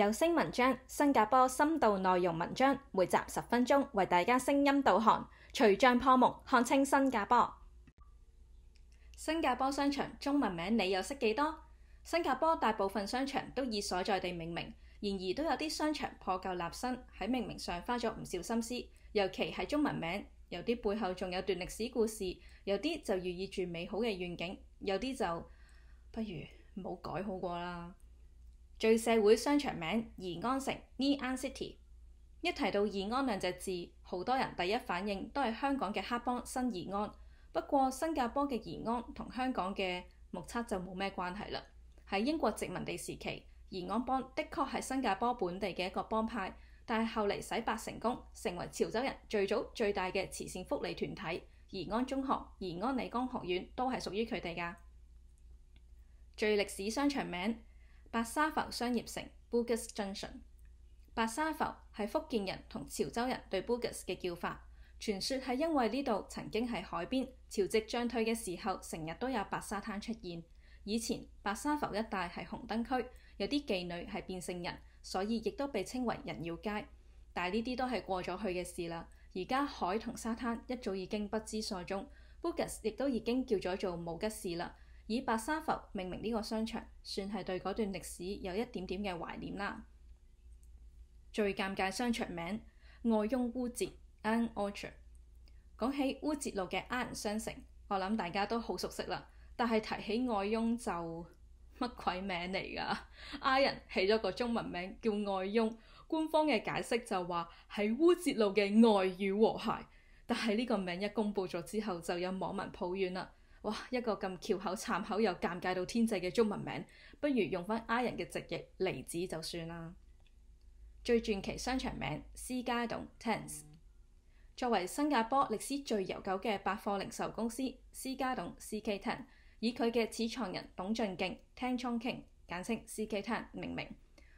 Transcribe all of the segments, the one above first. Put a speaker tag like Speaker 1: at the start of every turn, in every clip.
Speaker 1: 有聲文章，新加坡深度內容文章，每集十分鐘，為大家聲音導航，除障破目，看清新加坡。新加坡商場中文名你又識幾多？新加坡大部分商場都以所在地命名，然而都有啲商場破舊立新，喺命名上花咗唔少心思。尤其係中文名，有啲背後仲有段歷史故事，有啲就寓意住美好嘅願景，有啲就不如唔好改好過啦。聚社會商場名，義安城 Ngee Ann City，一提到義安兩隻字，好多人第一反應都係香港嘅黑幫新義安。不過新加坡嘅義安同香港嘅目測就冇咩關係啦。喺英國殖民地時期，義安幫的確係新加坡本地嘅一個幫派，但係後嚟洗白成功，成為潮州人最早最大嘅慈善福利團體。義安中學、義安理工學院都係屬於佢哋㗎。聚歷史商場名。白沙浮商業城 Bugis Junction。白沙浮係福建人同潮州人對 Bugis 嘅叫法，傳說係因為呢度曾經係海邊，潮汐漲退嘅時候，成日都有白沙灘出現。以前白沙浮一帶係紅燈區，有啲妓女係變性人，所以亦都被稱為人妖街。但係呢啲都係過咗去嘅事啦。而家海同沙灘一早已經不知所蹤，Bugis 亦都已經叫咗做武吉士啦。以白沙浮命名呢個商場，算係對嗰段歷史有一點點嘅懷念啦。最尷尬商場名外擁烏捷 （An o r c h t r a 講起烏捷路嘅阿人商城，我諗大家都好熟悉啦。但係提起外擁就乜鬼名嚟噶？阿人起咗個中文名叫外擁，官方嘅解釋就話係烏捷路嘅外遇和諧。但係呢個名一公布咗之後，就有網民抱怨啦。哇！一個咁橋口、岔口又尷尬到天際嘅中文名，不如用翻 I」人嘅直譯離子就算啦。最傳奇商場名詩家董 Tangs，作為新加坡歷史最悠久嘅百貨零售公司詩家董 C K Tang，以佢嘅始創人董俊勁 Tang Choon Keng 簡稱 C K Tang 命名。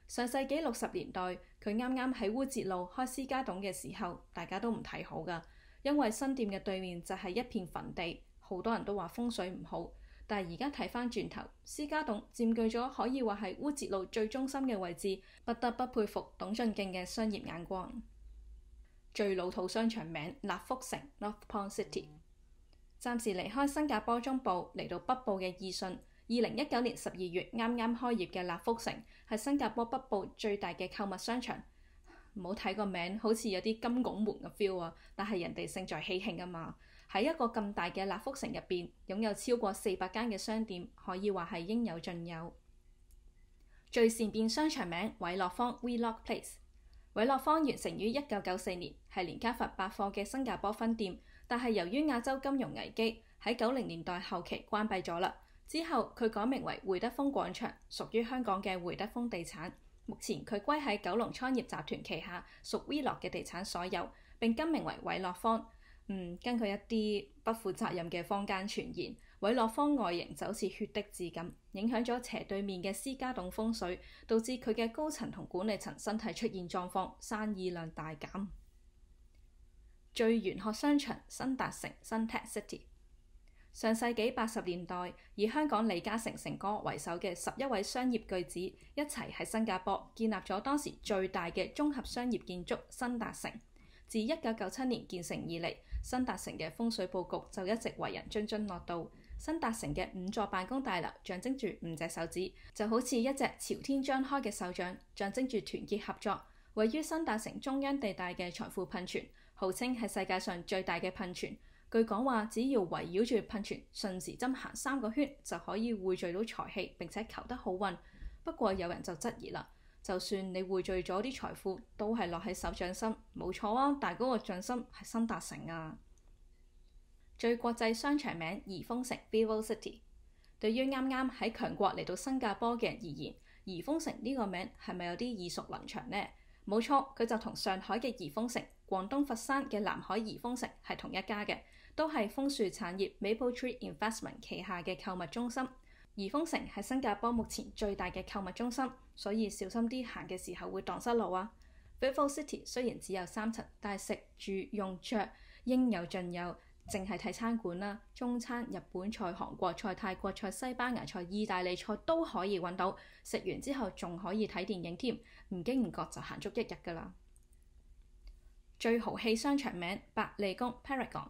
Speaker 1: 上世紀六十年代佢啱啱喺烏節路開詩家董嘅時候，大家都唔睇好㗎，因為新店嘅對面就係一片墳地。好多人都話風水唔好，但係而家睇翻轉頭，詩家董佔據咗可以話係烏節路最中心嘅位置，不得不佩服董俊競嘅商業眼光。最老土商場名納福城 （Northpoint City）。暫時離開新加坡中部，嚟到北部嘅義順。二零一九年十二月啱啱開業嘅納福城係新加坡北部最大嘅購物商場。唔好睇個名，好似有啲金拱門嘅 feel 啊，但係人哋勝在喜慶啊嘛。喺一個咁大嘅立福城入邊，擁有超過四百間嘅商店，可以話係應有盡有。最善變商場名偉樂坊 （Wheelock Place）。偉樂坊完成於一九九四年，係連卡佛百貨嘅新加坡分店，但係由於亞洲金融危機喺九零年代後期關閉咗啦。之後佢改名為會德豐廣場，屬於香港嘅會德豐地產。目前佢歸喺九龍倉集團旗下，屬偉樂嘅地產所有，並更名為偉樂坊。嗯、根據一啲不負責任嘅坊間傳言，偉樂坊外形就好似血滴子咁，影響咗斜對面嘅私家洞風水，導致佢嘅高層同管理層身體出現狀況，生意量大減。最玄學商場新達城 Suntec City，上世紀八十年代以香港李嘉誠誠，誠哥為首嘅十一位商業巨子一齊喺新加坡建立咗當時最大嘅綜合商業建築新達城。自一九九七年建成以嚟，新達城嘅風水佈局就一直為人津津樂道。新達城嘅五座辦公大樓象徵住五隻手指，就好似一隻朝天張開嘅手掌，象徵住團結合作。位於新達城中央地帶嘅財富噴泉，號稱係世界上最大嘅噴泉。據講話，只要圍繞住噴泉順時針行三個圈，就可以匯聚到財氣並且求得好運。不過有人就質疑啦。就算你匯聚咗啲財富，都係落喺手掌心，冇錯啊！但係嗰個掌心係新達城啊。最國際商場名怡豐城 （Vivo City），對於啱啱喺強國嚟到新加坡嘅人而言，怡豐城呢個名係咪有啲耳熟能詳呢？冇錯，佢就同上海嘅怡豐城、廣東佛山嘅南海怡豐城係同一家嘅，都係楓樹產業 （Maple Tree Investment） 旗下嘅購物中心。怡豐城係新加坡目前最大嘅購物中心，所以小心啲行嘅時候會蕩失路啊。Vivo City 雖然只有三層，但係食住用着應有盡有，淨係睇餐館啦、啊，中餐、日本菜、韓國菜、泰國菜、西班牙菜、意大利菜，都可以搵到。食完之後仲可以睇電影添，唔經唔覺就行足一日噶啦。最豪氣商場名百利宮 Paragon。Par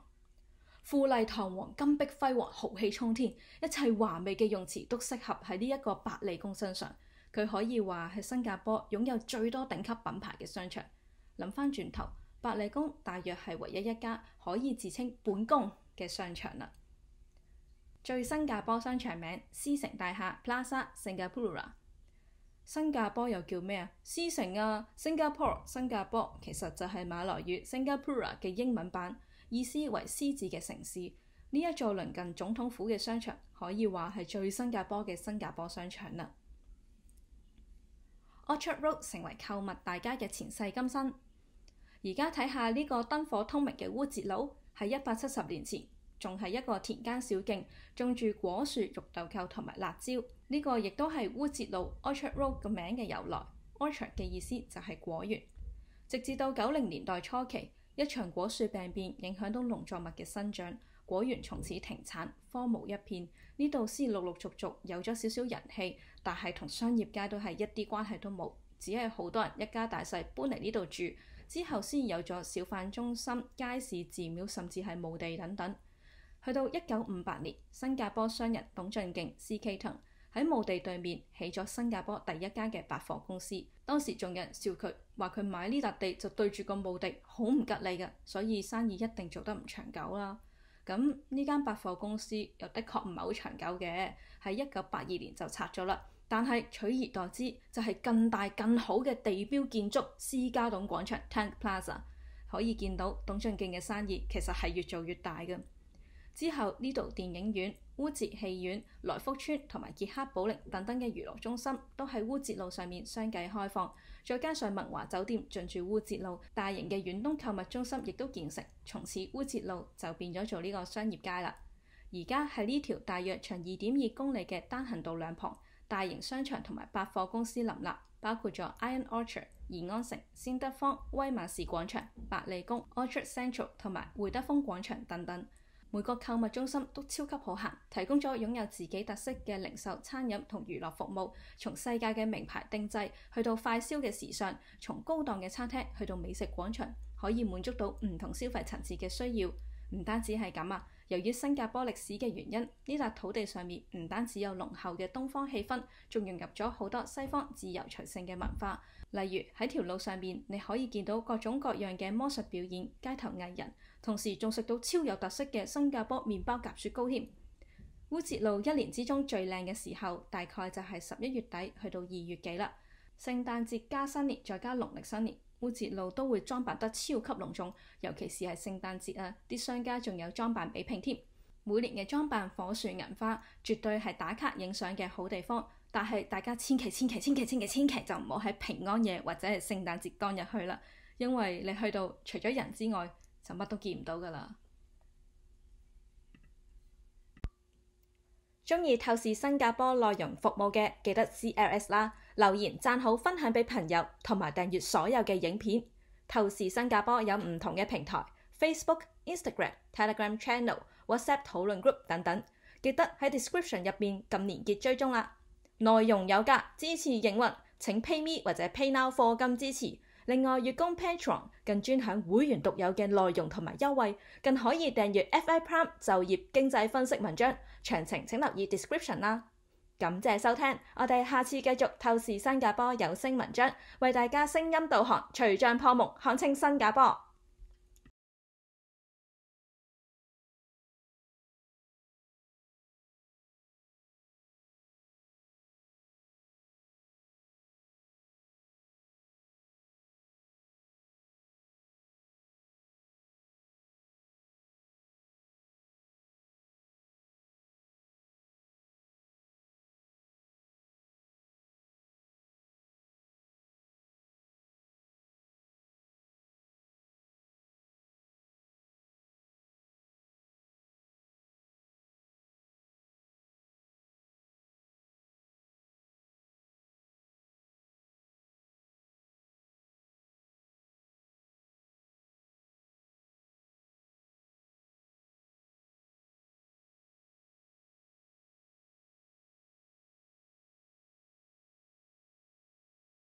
Speaker 1: 富麗堂皇、金碧輝煌、豪氣沖天，一切華美嘅用詞都適合喺呢一個百利宮身上。佢可以話係新加坡擁有最多頂級品牌嘅商場。諗翻轉頭，百利宮大約係唯一一家可以自稱本宮嘅商場啦。最新加坡商場名，獅城大廈 Plaza Singapura。新加坡又叫咩啊？獅城啊，Singapore。新加坡其實就係馬來語 Singapura 嘅英文版。意思為獅子嘅城市，呢一座鄰近總統府嘅商場，可以話係最新加坡嘅新加坡商場啦。Orchard Road 成為購物大街嘅前世今生。而家睇下呢個燈火通明嘅烏節路，喺一百七十年前仲係一個田間小徑，種住果樹、肉豆蔻同埋辣椒。呢、這個亦都係烏節路 Orchard Road 嘅名嘅由來。Orchard 嘅意思就係果園。直至到九零年代初期。一場果樹病變影響到農作物嘅生長，果園從此停產荒蕪一片。呢度先陸陸續續有咗少少人氣，但係同商業街都係一啲關係都冇，只係好多人一家大細搬嚟呢度住之後先有咗小販中心、街市、寺廟，甚至係墓地等等。去到一九五八年，新加坡商人董俊敬，C.K. Tang，喺墓地對面起咗新加坡第一間嘅百貨公司，當時仲有人笑佢話佢買呢笪地就對住個墓地，好唔吉利嘅，所以生意一定做得唔長久啦。咁呢間百貨公司又的確唔係好長久嘅，喺一九八二年就拆咗啦。但係取而代之就係、是、更大更好嘅地標建築詩家董廣場 （Tang Plaza）。可以見到董俊競嘅生意其實係越做越大嘅。之後，呢度電影院、烏節戲院、來福村同埋傑克保齡等等嘅娛樂中心都喺烏節路上面相繼開放。再加上文華酒店進駐烏節路，大型嘅遠東購物中心亦都建成，從此烏節路就變咗做呢個商業街啦。而家喺呢條大約長二點二公里嘅單行道兩旁，大型商場同埋百貨公司林立，包括咗 ION Orchard、義安城、先得坊、威馬士廣場、百利宮、Orchard Central 同埋匯德豐廣場等等。每個購物中心都超級好客，提供咗擁有自己特色嘅零售、餐飲同娛樂服務，從世界嘅名牌定製，去到快消嘅時尚，從高檔嘅餐廳去到美食廣場，可以滿足到唔同消費層次嘅需要。唔單止係咁啊！由於新加坡歷史嘅原因，呢笪土地上面唔單止有濃厚嘅東方氣氛，仲融入咗好多西方自由隨性嘅文化。例如喺條路上面，你可以見到各種各樣嘅魔術表演、街頭藝人，同時仲食到超有特色嘅新加坡麵包夾雪糕添。烏節路一年之中最靚嘅時候，大概就係十一月底去到二月幾啦。聖誕節加新年，再加農曆新年。烏節路都會裝扮得超級隆重，尤其是係聖誕節啊，啲商家仲有裝扮比拼添。每年嘅裝扮火樹銀花，絕對係打卡影相嘅好地方。但係大家千祈千祈千祈千祈千祈就唔好喺平安夜或者係聖誕節當日去啦，因為你去到除咗人之外，就乜都見唔到噶啦。中意透視新加坡內容服務嘅，記得 CLS 啦。留言、讚好、分享俾朋友同埋訂閱所有嘅影片。透視新加坡有唔同嘅平台：Facebook、Instagram、Telegram Channel、WhatsApp 討論 group 等等。記得喺 description 入面撳連結追蹤啦。內容有價，支持營運，請 PayMe 或者 PayNow 課金支持。另外月供 Patreon 更專享會員獨有嘅內容同埋優惠，更可以訂閱 FI Prime 就業經濟分析文章。詳情請留意 description 啦。感謝收聽，我哋下次繼續透視新加坡有聲文章，為大家聲音導航，除障破夢，看清新加坡。